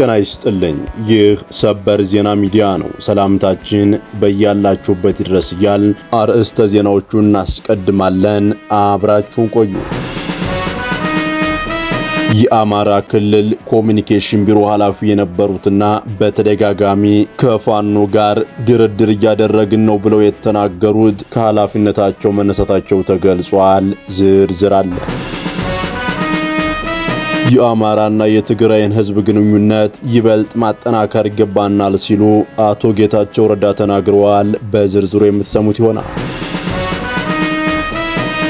ጤና ይስጥልኝ። ይህ ሰበር ዜና ሚዲያ ነው። ሰላምታችን በያላችሁበት ይድረስ እያል አርዕስተ ዜናዎቹን እናስቀድማለን። አብራችሁን ቆዩ። የአማራ ክልል ኮሚኒኬሽን ቢሮ ኃላፊ የነበሩትና በተደጋጋሚ ከፋኖ ጋር ድርድር እያደረግን ነው ብለው የተናገሩት ከኃላፊነታቸው መነሳታቸው ተገልጿል። ዝርዝር አለ። የአማራና የትግራይን ህዝብ ግንኙነት ይበልጥ ማጠናከር ይገባናል ሲሉ አቶ ጌታቸው ረዳ ተናግረዋል። በዝርዝሩ የምትሰሙት ይሆናል።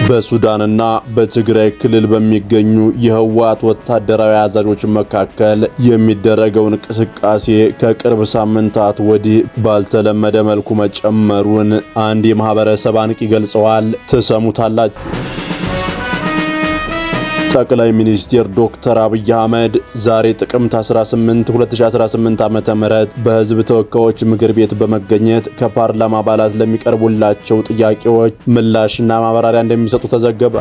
በሱዳንና በትግራይ ክልል በሚገኙ የህወሓት ወታደራዊ አዛዦች መካከል የሚደረገው እንቅስቃሴ ከቅርብ ሳምንታት ወዲህ ባልተለመደ መልኩ መጨመሩን አንድ የማህበረሰብ አንቂ ገልጸዋል። ትሰሙታላችሁ። ጠቅላይ ሚኒስትር ዶክተር አብይ አህመድ ዛሬ ጥቅምት 18 2018 ዓ.ም በህዝብ ተወካዮች ምክር ቤት በመገኘት ከፓርላማ አባላት ለሚቀርቡላቸው ጥያቄዎች ምላሽና ማብራሪያ እንደሚሰጡ ተዘገበ።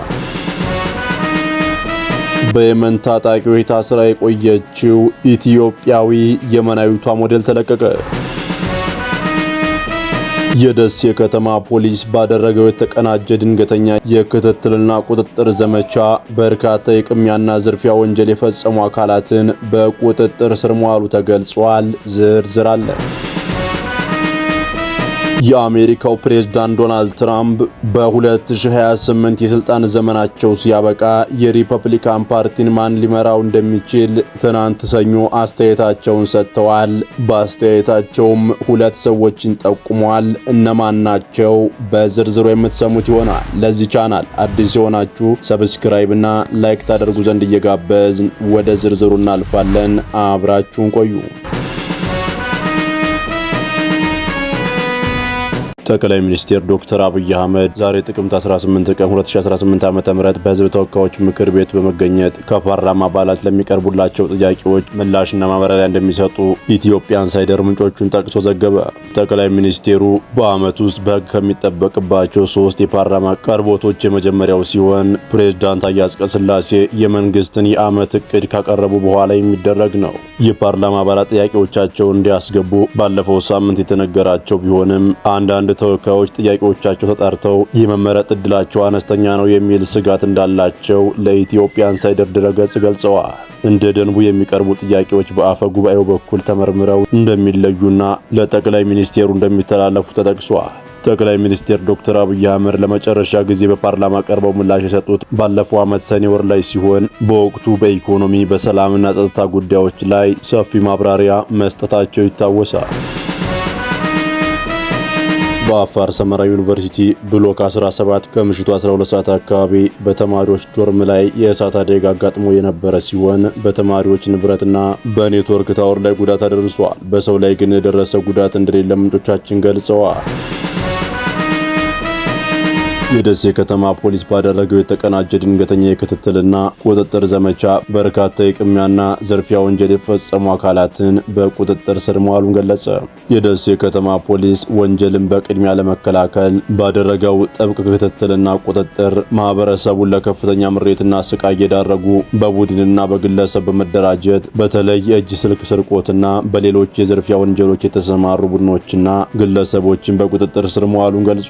በየመን ታጣቂዎች ታስራ የቆየችው ኢትዮጵያዊ የመናዊቷ ሞዴል ተለቀቀ። የደሴ ከተማ ፖሊስ ባደረገው የተቀናጀ ድንገተኛ የክትትልና ቁጥጥር ዘመቻ በርካታ የቅሚያና ዝርፊያ ወንጀል የፈጸሙ አካላትን በቁጥጥር ስር መዋሉ ተገልጿል። ዝርዝር አለ። የአሜሪካው ፕሬዝዳንት ዶናልድ ትራምፕ በ2028 የስልጣን ዘመናቸው ሲያበቃ የሪፐብሊካን ፓርቲን ማን ሊመራው እንደሚችል ትናንት ሰኞ አስተያየታቸውን ሰጥተዋል። በአስተያየታቸውም ሁለት ሰዎችን ጠቁመዋል። እነማን ናቸው? በዝርዝሩ የምትሰሙት ይሆናል። ለዚህ ቻናል አዲስ የሆናችሁ ሰብስክራይብ እና ላይክ ታደርጉ ዘንድ እየጋበዝን ወደ ዝርዝሩ እናልፋለን። አብራችሁን ቆዩ። ጠቅላይ ሚኒስትር ዶክተር አብይ አህመድ ዛሬ ጥቅምት 18 ቀን 2018 ዓ.ም በህዝብ ተወካዮች ምክር ቤት በመገኘት ከፓርላማ አባላት ለሚቀርቡላቸው ጥያቄዎች ምላሽና ማብራሪያ እንደሚሰጡ ኢትዮጵያ ኢንሳይደር ምንጮቹን ጠቅሶ ዘገበ። ጠቅላይ ሚኒስቴሩ በዓመት ውስጥ በህግ ከሚጠበቅባቸው ሶስት የፓርላማ ቀርቦቶች የመጀመሪያው ሲሆን ፕሬዝዳንት ታዬ ስላሴ የመንግስትን የዓመት እቅድ ካቀረቡ በኋላ የሚደረግ ነው። የፓርላማ አባላት ጥያቄዎቻቸውን እንዲያስገቡ ባለፈው ሳምንት የተነገራቸው ቢሆንም አንዳንድ ተወካዮች ጥያቄዎቻቸው ተጠርተው የመመረጥ እድላቸው አነስተኛ ነው የሚል ስጋት እንዳላቸው ለኢትዮጵያ ኢንሳይደር ድረገጽ ገልጸዋል። እንደ ደንቡ የሚቀርቡ ጥያቄዎች በአፈ ጉባኤው በኩል ተመርምረው እንደሚለዩና ለጠቅላይ ሚኒስቴሩ እንደሚተላለፉ ተጠቅሷል። ጠቅላይ ሚኒስቴር ዶክተር አብይ አህመድ ለመጨረሻ ጊዜ በፓርላማ ቀርበው ምላሽ የሰጡት ባለፈው ዓመት ሰኔ ወር ላይ ሲሆን በወቅቱ በኢኮኖሚ በሰላምና ጸጥታ ጉዳዮች ላይ ሰፊ ማብራሪያ መስጠታቸው ይታወሳል። በአፋር ሰመራ ዩኒቨርሲቲ ብሎክ 17 ከምሽቱ 12 ሰዓት አካባቢ በተማሪዎች ዶርም ላይ የእሳት አደጋ አጋጥሞ የነበረ ሲሆን በተማሪዎች ንብረትና በኔትወርክ ታወር ላይ ጉዳት አደርሷል። በሰው ላይ ግን የደረሰ ጉዳት እንደሌለ ምንጮቻችን ገልጸዋል። የደሴ ከተማ ፖሊስ ባደረገው የተቀናጀ ድንገተኛ የክትትልና ቁጥጥር ዘመቻ በርካታ የቅሚያና ዘርፊያ ወንጀል የፈጸሙ አካላትን በቁጥጥር ስር መዋሉን ገለጸ። የደሴ ከተማ ፖሊስ ወንጀልን በቅድሚያ ለመከላከል ባደረገው ጥብቅ ክትትልና ቁጥጥር ማህበረሰቡን ለከፍተኛ ምሬትና ስቃይ የዳረጉ በቡድንና በግለሰብ በመደራጀት በተለይ የእጅ ስልክ ስርቆትና በሌሎች የዘርፊያ ወንጀሎች የተሰማሩ ቡድኖችና ግለሰቦችን በቁጥጥር ስር መዋሉን ገልጿል።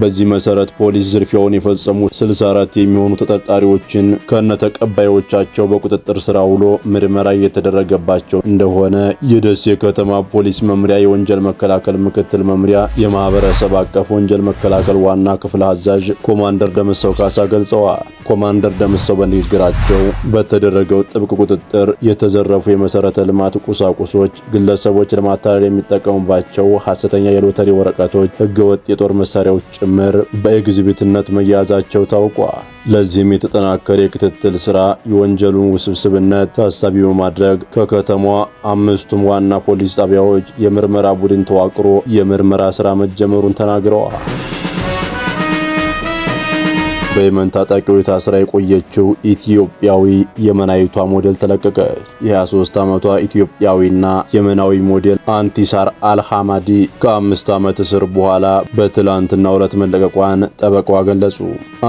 በዚህ መሰረት ፖሊስ ፖሊስ ዝርፊያውን የፈጸሙ 64 የሚሆኑ ተጠርጣሪዎችን ከነተቀባዮቻቸው በቁጥጥር ስር አውሎ ምርመራ እየተደረገባቸው እንደሆነ የደሴ ከተማ ፖሊስ መምሪያ የወንጀል መከላከል ምክትል መምሪያ የማህበረሰብ አቀፍ ወንጀል መከላከል ዋና ክፍል አዛዥ ኮማንደር ደምሰው ካሳ ገልጸዋል። ኮማንደር ደምሰው በንግግራቸው በተደረገው ጥብቅ ቁጥጥር የተዘረፉ የመሰረተ ልማት ቁሳቁሶች ግለሰቦች ለማታለል የሚጠቀሙባቸው ሀሰተኛ የሎተሪ ወረቀቶች፣ ህገወጥ የጦር መሳሪያዎች ጭምር በኤግዚቢ በባለቤትነት መያዛቸው ታውቋል። ለዚህም የተጠናከረ የክትትል ስራ የወንጀሉን ውስብስብነት ታሳቢ በማድረግ ከከተማዋ አምስቱም ዋና ፖሊስ ጣቢያዎች የምርመራ ቡድን ተዋቅሮ የምርመራ ስራ መጀመሩን ተናግረዋል። በየመን ታጣቂዎች ታስራ የቆየችው ኢትዮጵያዊ የመናዊቷ ሞዴል ተለቀቀች። የ23 ዓመቷ ኢትዮጵያዊና የመናዊ ሞዴል አንቲሳር አልሐማዲ ከአምስት ዓመት እስር በኋላ በትላንትና ዕለት መለቀቋን ጠበቃዋ ገለጹ።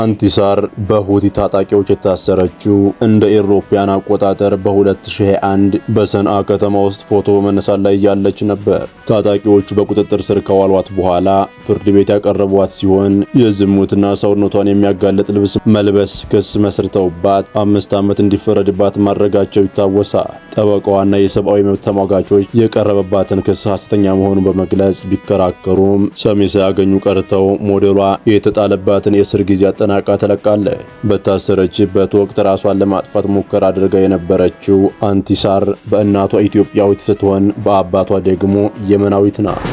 አንቲሳር በሁቲ ታጣቂዎች የታሰረችው እንደ ኤሮፓያን አቆጣጠር በ2021 በሰንዓ ከተማ ውስጥ ፎቶ በመነሳት ላይ ያለች ነበር። ታጣቂዎቹ በቁጥጥር ስር ከዋሏት በኋላ ፍርድ ቤት ያቀረቧት ሲሆን የዝሙትና ሰውነቷን የሚያጋ የሚጋለጥ ልብስ መልበስ ክስ መስርተውባት አምስት ዓመት እንዲፈረድባት ማድረጋቸው ይታወሳል። ጠበቃዋና የሰብአዊ መብት ተሟጋቾች የቀረበባትን ክስ ሐሰተኛ መሆኑን በመግለጽ ቢከራከሩም ሰሚ ሳያገኙ ቀርተው ሞዴሏ የተጣለባትን የእስር ጊዜ አጠናቃ ተለቃለች። በታሰረችበት ወቅት ራሷን ለማጥፋት ሙከራ አድርጋ የነበረችው አንቲሳር በእናቷ ኢትዮጵያዊት ስትሆን በአባቷ ደግሞ የመናዊት ናት።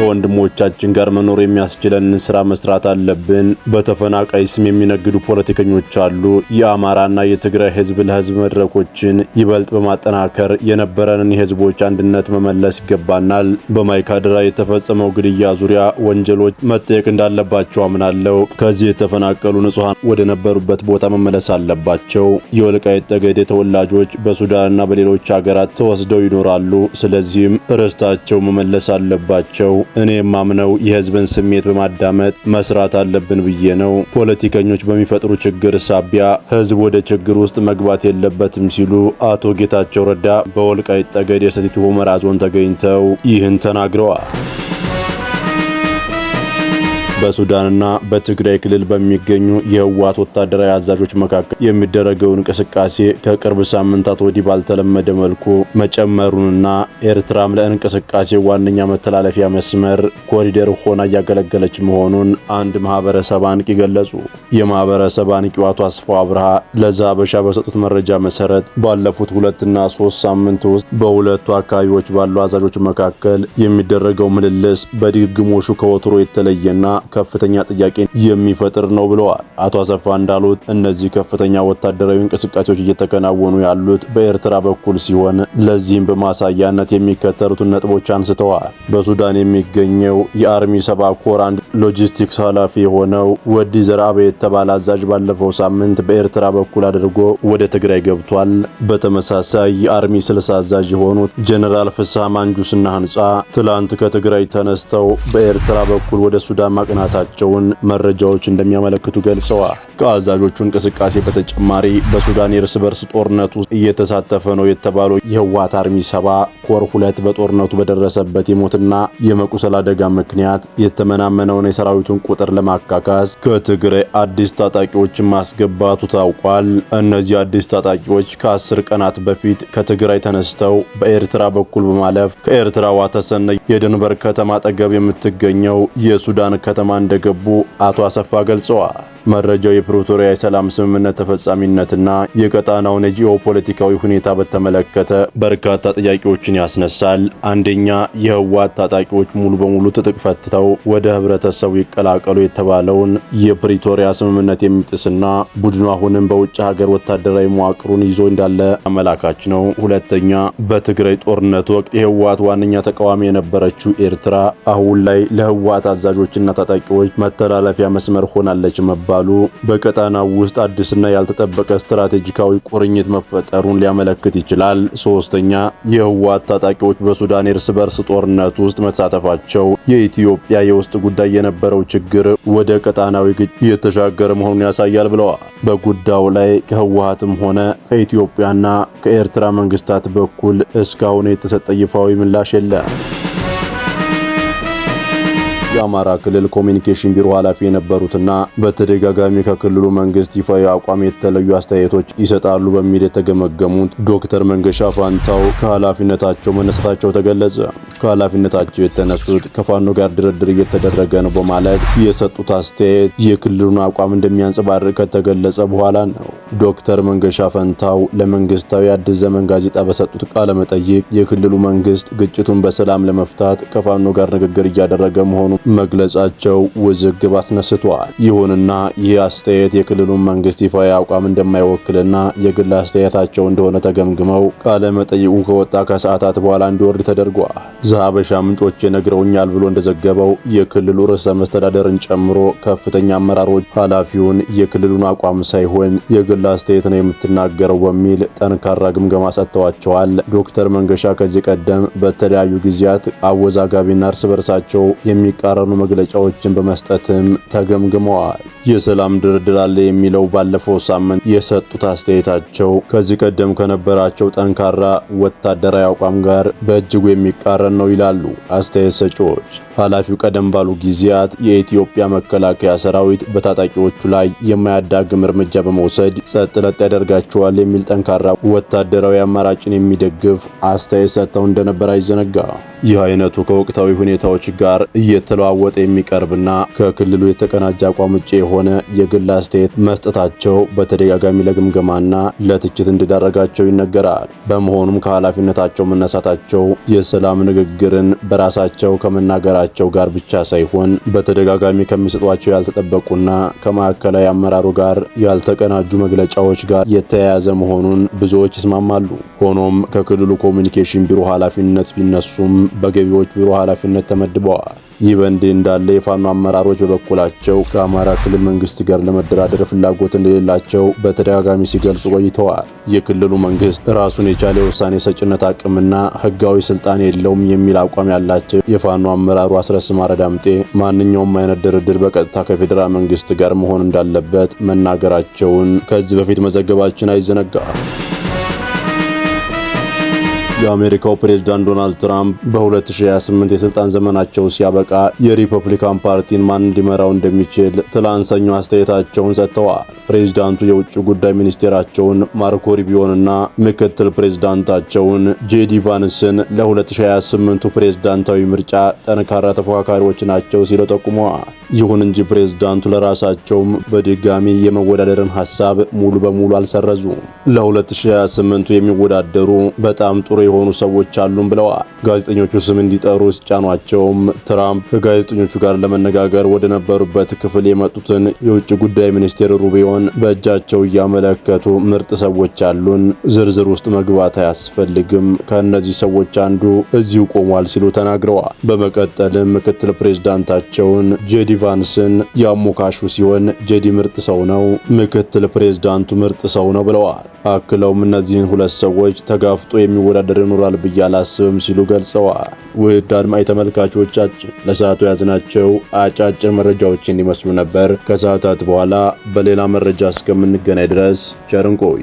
ከወንድሞቻችን ጋር መኖር የሚያስችለንን ስራ መስራት አለብን። በተፈናቃይ ስም የሚነግዱ ፖለቲከኞች አሉ። የአማራና የትግራይ ህዝብ ለህዝብ መድረኮችን ይበልጥ በማጠናከር የነበረንን የህዝቦች አንድነት መመለስ ይገባናል። በማይካድራ የተፈጸመው ግድያ ዙሪያ ወንጀሎች መጠየቅ እንዳለባቸው አምናለሁ። ከዚህ የተፈናቀሉ ንጹሐን ወደ ነበሩበት ቦታ መመለስ አለባቸው። የወልቃይት ጠገዴ ተወላጆች በሱዳንና በሌሎች ሀገራት ተወስደው ይኖራሉ። ስለዚህም ርስታቸው መመለስ አለባቸው። እኔ የማምነው የህዝብን ስሜት በማዳመጥ መስራት አለብን ብዬ ነው። ፖለቲከኞች በሚፈጥሩ ችግር ሳቢያ ህዝብ ወደ ችግር ውስጥ መግባት የለበትም ሲሉ አቶ ጌታቸው ረዳ በወልቃይት ጠገዴ ሰቲት ሁመራ ዞን ተገኝተው ይህን ተናግረዋል። በሱዳንና በትግራይ ክልል በሚገኙ የህወሓት ወታደራዊ አዛዦች መካከል የሚደረገው እንቅስቃሴ ከቅርብ ሳምንታት ወዲህ ባልተለመደ መልኩ መጨመሩንና ኤርትራም ለእንቅስቃሴ ዋነኛ መተላለፊያ መስመር ኮሪደር ሆና እያገለገለች መሆኑን አንድ ማህበረሰብ አንቂ ገለጹ። የማህበረሰብ አንቂው አቶ አስፋው አብርሃ ለዛበሻ በሰጡት መረጃ መሰረት ባለፉት ሁለትና ሶስት ሳምንት ውስጥ በሁለቱ አካባቢዎች ባሉ አዛዦች መካከል የሚደረገው ምልልስ በድግግሞሹ ከወትሮ የተለየና ከፍተኛ ጥያቄ የሚፈጥር ነው ብለዋል። አቶ አሰፋ እንዳሉት እነዚህ ከፍተኛ ወታደራዊ እንቅስቃሴዎች እየተከናወኑ ያሉት በኤርትራ በኩል ሲሆን ለዚህም በማሳያነት የሚከተሉትን ነጥቦች አንስተዋል። በሱዳን የሚገኘው የአርሚ ሰባ ኮር አንድ ሎጂስቲክስ ኃላፊ የሆነው ወዲ ዘርአበ የተባለ አዛዥ ባለፈው ሳምንት በኤርትራ በኩል አድርጎ ወደ ትግራይ ገብቷል። በተመሳሳይ የአርሚ ስልሳ አዛዥ የሆኑት ጀኔራል ፍስሐ ማንጁስና ህንጻ ትላንት ከትግራይ ተነስተው በኤርትራ በኩል ወደ ሱዳን ማቅና ማጽናታቸውን መረጃዎች እንደሚያመለክቱ ገልጸዋል። ከአዛዦቹ እንቅስቃሴ በተጨማሪ በሱዳን የእርስ በርስ ጦርነት ውስጥ እየተሳተፈ ነው የተባለው የህወሓት አርሚ ሰባ ኮር ሁለት በጦርነቱ በደረሰበት የሞትና የመቁሰል አደጋ ምክንያት የተመናመነውን የሰራዊቱን ቁጥር ለማካካስ ከትግራይ አዲስ ታጣቂዎችን ማስገባቱ ታውቋል። እነዚህ አዲስ ታጣቂዎች ከአስር ቀናት በፊት ከትግራይ ተነስተው በኤርትራ በኩል በማለፍ ከኤርትራዋ ተሰነ የድንበር ከተማ አጠገብ የምትገኘው የሱዳን ከተማ ከተማ እንደገቡ አቶ አሰፋ ገልጸዋል። መረጃው የፕሪቶሪያ የሰላም ስምምነት ተፈጻሚነትና የቀጣናውን የጂኦፖለቲካዊ ሁኔታ በተመለከተ በርካታ ጥያቄዎችን ያስነሳል። አንደኛ፣ የህወሓት ታጣቂዎች ሙሉ በሙሉ ትጥቅ ፈትተው ወደ ህብረተሰቡ ይቀላቀሉ የተባለውን የፕሪቶሪያ ስምምነት የሚጥስና ቡድኑ አሁንም በውጭ ሀገር ወታደራዊ መዋቅሩን ይዞ እንዳለ አመላካች ነው። ሁለተኛ፣ በትግራይ ጦርነት ወቅት የህወሓት ዋነኛ ተቃዋሚ የነበረችው ኤርትራ አሁን ላይ ለህወሓት አዛዦችና ታጣቂዎች መተላለፊያ መስመር ሆናለች መባል መባሉ በቀጣናው ውስጥ አዲስና ያልተጠበቀ ስትራቴጂካዊ ቁርኝት መፈጠሩን ሊያመለክት ይችላል። ሶስተኛ የህወሓት ታጣቂዎች በሱዳን እርስ በርስ ጦርነት ውስጥ መሳተፋቸው የኢትዮጵያ የውስጥ ጉዳይ የነበረው ችግር ወደ ቀጣናዊ ግጭት የተሻገረ መሆኑን ያሳያል ብለዋል። በጉዳዩ ላይ ከህወሓትም ሆነ ከኢትዮጵያና ከኤርትራ መንግስታት በኩል እስካሁን የተሰጠ ይፋዊ ምላሽ የለም። የአማራ ክልል ኮሚኒኬሽን ቢሮ ኃላፊ የነበሩትና በተደጋጋሚ ከክልሉ መንግስት ይፋዊ አቋም የተለዩ አስተያየቶች ይሰጣሉ በሚል የተገመገሙት ዶክተር መንገሻ ፋንታው ከኃላፊነታቸው መነሳታቸው ተገለጸ። ከኃላፊነታቸው የተነሱት ከፋኖ ጋር ድርድር እየተደረገ ነው በማለት የሰጡት አስተያየት የክልሉን አቋም እንደሚያንጸባርቅ ከተገለጸ በኋላ ነው። ዶክተር መንገሻ ፈንታው ለመንግስታዊ አዲስ ዘመን ጋዜጣ በሰጡት ቃለ መጠይቅ የክልሉ መንግስት ግጭቱን በሰላም ለመፍታት ከፋኖ ጋር ንግግር እያደረገ መሆኑ መግለጻቸው ውዝግብ አስነስቷል። ይሁንና ይህ አስተያየት የክልሉን መንግስት ይፋዊ አቋም እንደማይወክልና የግል አስተያየታቸው እንደሆነ ተገምግመው ቃለ መጠይቁ ከወጣ ከሰዓታት በኋላ እንዲወርድ ተደርጓል። ዘሀበሻ ምንጮች ነግረውኛል ብሎ እንደዘገበው የክልሉ ርዕሰ መስተዳደርን ጨምሮ ከፍተኛ አመራሮች ኃላፊውን የክልሉን አቋም ሳይሆን የግል አስተያየት ነው የምትናገረው በሚል ጠንካራ ግምገማ ሰጥተዋቸዋል። ዶክተር መንገሻ ከዚህ ቀደም በተለያዩ ጊዜያት አወዛጋቢና እርስ በርሳቸው የሚቃ የተቃረኑ መግለጫዎችን በመስጠትም ተገምግመዋል። የሰላም ድርድር አለ የሚለው ባለፈው ሳምንት የሰጡት አስተያየታቸው ከዚህ ቀደም ከነበራቸው ጠንካራ ወታደራዊ አቋም ጋር በእጅጉ የሚቃረን ነው ይላሉ አስተያየት ሰጪዎች። ኃላፊው ቀደም ባሉ ጊዜያት የኢትዮጵያ መከላከያ ሰራዊት በታጣቂዎቹ ላይ የማያዳግም እርምጃ በመውሰድ ጸጥ ለጥ ያደርጋቸዋል የሚል ጠንካራ ወታደራዊ አማራጭን የሚደግፍ አስተያየት ሰጥተው እንደነበር አይዘነጋ። ይህ አይነቱ ከወቅታዊ ሁኔታዎች ጋር እየተለዋወጠ የሚቀርብና ከክልሉ የተቀናጀ አቋም ውጭ የሆነ የግል አስተያየት መስጠታቸው በተደጋጋሚ ለግምገማና ለትችት እንዲዳረጋቸው ይነገራል። በመሆኑም ከኃላፊነታቸው መነሳታቸው የሰላም ንግግርን በራሳቸው ከመናገራቸው ጋር ብቻ ሳይሆን በተደጋጋሚ ከሚሰጧቸው ያልተጠበቁና ከማዕከላዊ አመራሩ ጋር ያልተቀናጁ መግለጫዎች ጋር የተያያዘ መሆኑን ብዙዎች ይስማማሉ። ሆኖም ከክልሉ ኮሚኒኬሽን ቢሮ ኃላፊነት ቢነሱም በገቢዎች ቢሮ ኃላፊነት ተመድበዋል። ይህ በእንዲህ እንዳለ የፋኖ አመራሮች በበኩላቸው ከአማራ ክልል መንግስት ጋር ለመደራደር ፍላጎት እንደሌላቸው በተደጋጋሚ ሲገልጹ ቆይተዋል። የክልሉ መንግስት ራሱን የቻለ የውሳኔ ሰጭነት አቅምና ህጋዊ ስልጣን የለውም የሚል አቋም ያላቸው የፋኖ አመራሩ አስረስ ማረ ዳምጤ ማንኛውም አይነት ድርድር በቀጥታ ከፌዴራል መንግስት ጋር መሆን እንዳለበት መናገራቸውን ከዚህ በፊት መዘገባችን አይዘነጋም። የአሜሪካው ፕሬዝዳንት ዶናልድ ትራምፕ በ2028 የስልጣን ዘመናቸው ሲያበቃ የሪፐብሊካን ፓርቲን ማን ሊመራው እንደሚችል ትላንት ሰኞ አስተያየታቸውን ሰጥተዋል። ፕሬዝዳንቱ የውጭ ጉዳይ ሚኒስቴራቸውን ማርኮ ሩቢዮንና ምክትል ፕሬዝዳንታቸውን ጄዲ ቫንስን ለ2028ቱ ፕሬዝዳንታዊ ምርጫ ጠንካራ ተፎካካሪዎች ናቸው ሲለው ጠቁመዋል። ይሁን እንጂ ፕሬዝዳንቱ ለራሳቸውም በድጋሚ የመወዳደርን ሀሳብ ሙሉ በሙሉ አልሰረዙም። ለ2028ቱ የሚወዳደሩ በጣም ጥሩ የሆኑ ሰዎች አሉን ብለዋል። ጋዜጠኞቹ ስም እንዲጠሩ ሲጫኗቸውም ትራምፕ ከጋዜጠኞቹ ጋር ለመነጋገር ወደ ነበሩበት ክፍል የመጡትን የውጭ ጉዳይ ሚኒስቴር ሩቢዮን በእጃቸው እያመለከቱ ምርጥ ሰዎች አሉን፣ ዝርዝር ውስጥ መግባት አያስፈልግም፣ ከእነዚህ ሰዎች አንዱ እዚሁ ቆሟል ሲሉ ተናግረዋል። በመቀጠልም ምክትል ፕሬዝዳንታቸውን ጄዲ ቫንስን ያሞካሹ ሲሆን ጄዲ ምርጥ ሰው ነው፣ ምክትል ፕሬዝዳንቱ ምርጥ ሰው ነው ብለዋል። አክለውም እነዚህን ሁለት ሰዎች ተጋፍጦ የሚወዳደር ይኖራል ብዬ አላስብም ሲሉ ገልጸዋል። ውድ አድማጭ ተመልካቾቻችን ለሰዓቱ ያዝናቸው አጫጭር መረጃዎችን ይመስሉ ነበር። ከሰዓታት በኋላ በሌላ መረጃ እስከምንገናኝ ድረስ ቸርንቆይ